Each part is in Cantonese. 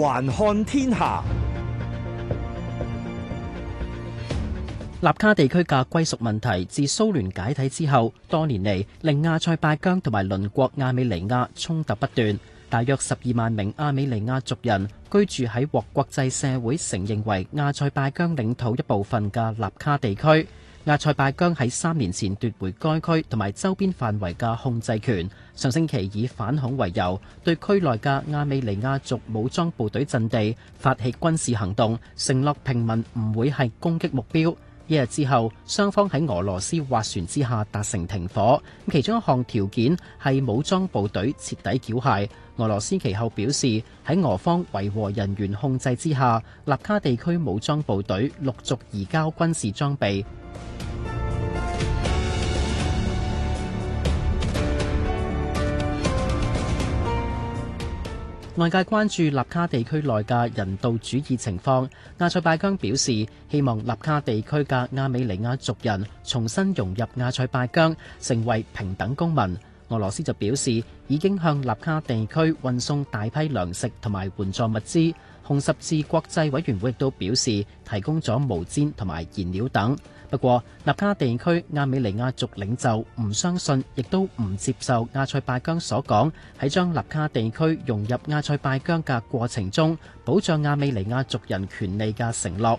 環看天下，納卡地區嘅歸屬問題，自蘇聯解體之後，多年嚟令亞塞拜疆同埋鄰國亞美尼亞衝突不斷。大約十二萬名亞美尼亞族人居住喺獲國際社會承認為,為亞塞拜疆領土一部分嘅納卡地區。阿塞拜疆喺三年前奪回該區同埋周邊範圍嘅控制權。上星期以反恐為由，對區內嘅亞美尼亞族武裝部隊陣地發起軍事行動，承諾平民唔會係攻擊目標。一日之後，雙方喺俄羅斯斡旋之下達成停火，咁其中一項條件係武裝部隊徹底繳械。俄羅斯其後表示喺俄方維和人員控制之下，納卡地區武裝部隊陸續移交軍事裝備。外界關注納卡地區內嘅人道主義情況。阿塞拜疆表示希望納卡地區嘅亞美尼亞族人重新融入阿塞拜疆，成為平等公民。俄羅斯就表示已經向納卡地區運送大批糧食同埋援助物資，紅十字國際委員會亦都表示提供咗毛氈同埋燃料等。不過，納卡地區亞美尼亞族領袖唔相信，亦都唔接受阿塞拜疆所講喺將納卡地區融入阿塞拜疆嘅過程中保障亞美尼亞族人權利嘅承諾。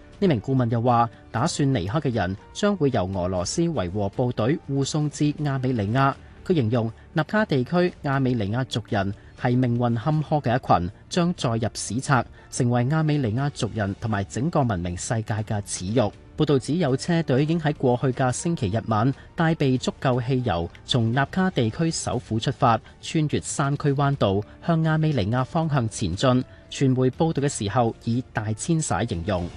呢名顧問又話，打算離開嘅人將會由俄羅斯維和部隊護送至亞美尼亞。佢形容納卡地區亞美尼亞族人係命運坎坷嘅一群，將載入史冊，成為亞美尼亞族人同埋整個文明世界嘅恥辱。報道指有車隊已經喺過去嘅星期日晚帶備足夠汽油，從納卡地區首府出發，穿越山區彎道，向亞美尼亞方向前進。傳媒報道嘅時候以大遷徙形容。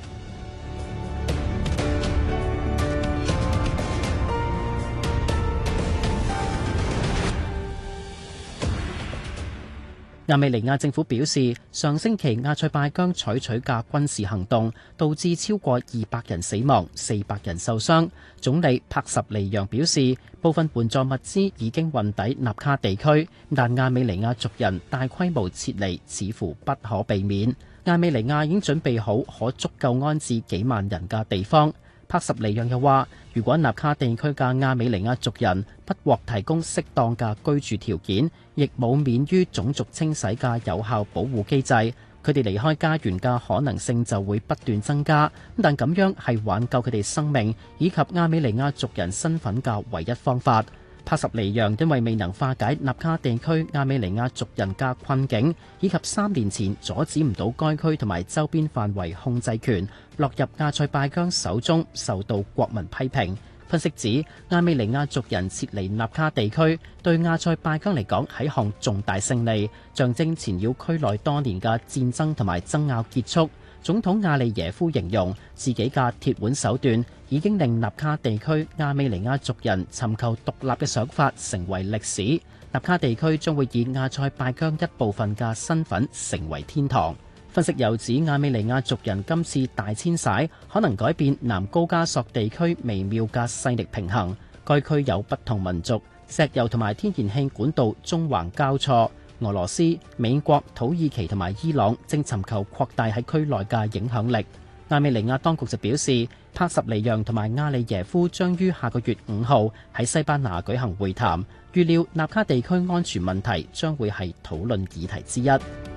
亞美尼亞政府表示，上星期亞塞拜疆採取嘅軍事行動導致超過二百人死亡，四百人受傷。總理帕什尼揚表示，部分援助物資已經運抵納卡地區，但亞美尼亞族人大規模撤離似乎不可避免。亞美尼亞已經準備好可足夠安置幾萬人嘅地方。帕什尼揚又話，如果納卡地區嘅亞美尼亞族人不獲提供適當嘅居住條件，亦冇免於種族清洗嘅有效保護機制，佢哋離開家園嘅可能性就會不斷增加。但咁樣係挽救佢哋生命以及亞美尼亞族人身份嘅唯一方法。帕什尼揚因為未能化解納卡地區亞美尼亞族人嘅困境，以及三年前阻止唔到該區同埋周邊範圍控制權落入阿塞拜疆手中，受到國民批評。分析指，亞美尼亞族人撤離納卡地區對阿塞拜疆嚟講，係一項重大勝利，象徵纏繞區內多年嘅戰爭同埋爭拗結束。總統阿利耶夫形容自己嘅鐵腕手段已經令納卡地區亞美尼亞族人尋求獨立嘅想法成為歷史。納卡地區將會以阿塞拜疆一部分嘅身份成為天堂。分析又指，亞美尼亞族人今次大遷徙可能改變南高加索地區微妙嘅勢力平衡。該區有不同民族、石油同埋天然氣管道縱橫交錯。俄羅斯、美國、土耳其同埋伊朗正尋求擴大喺區內嘅影響力。亞美尼亞當局就表示，帕什尼揚同埋阿里耶夫將於下個月五號喺西班牙舉行會談，預料納卡地區安全問題將會係討論議題之一。